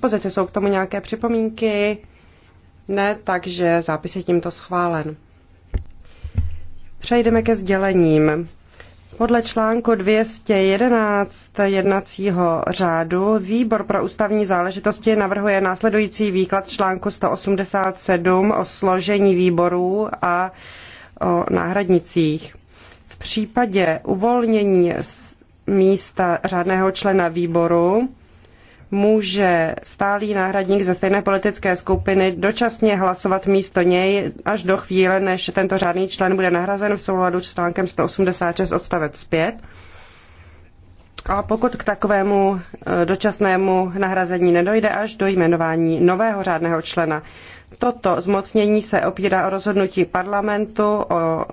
pozice. Jsou k tomu nějaké připomínky? Ne, takže zápis je tímto schválen. Přejdeme ke sdělením. Podle článku 211 jednacího řádu Výbor pro ústavní záležitosti navrhuje následující výklad článku 187 o složení výborů a o náhradnicích. V případě uvolnění místa řádného člena výboru může stálý náhradník ze stejné politické skupiny dočasně hlasovat místo něj až do chvíle, než tento řádný člen bude nahrazen v souladu s článkem 186 odstavec 5. A pokud k takovému e, dočasnému nahrazení nedojde až do jmenování nového řádného člena, Toto zmocnění se opírá o rozhodnutí parlamentu o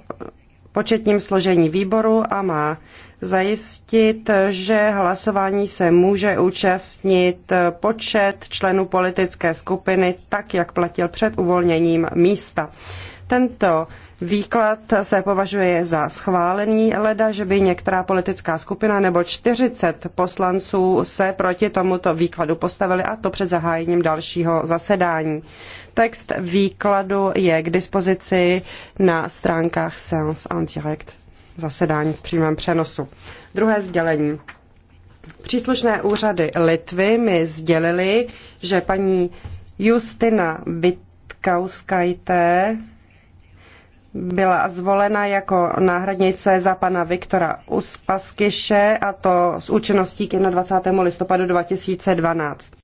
početním složení výboru a má zajistit, že hlasování se může účastnit počet členů politické skupiny tak, jak platil před uvolněním místa. Tento výklad se považuje za schválený leda, že by některá politická skupina nebo 40 poslanců se proti tomuto výkladu postavili a to před zahájením dalšího zasedání. Text výkladu je k dispozici na stránkách Sens en direct zasedání v přímém přenosu. Druhé sdělení. Příslušné úřady Litvy mi sdělili, že paní Justina Vitkauskajté byla zvolena jako náhradnice za pana Viktora Uspaskyše a to s účinností k 21. listopadu 2012.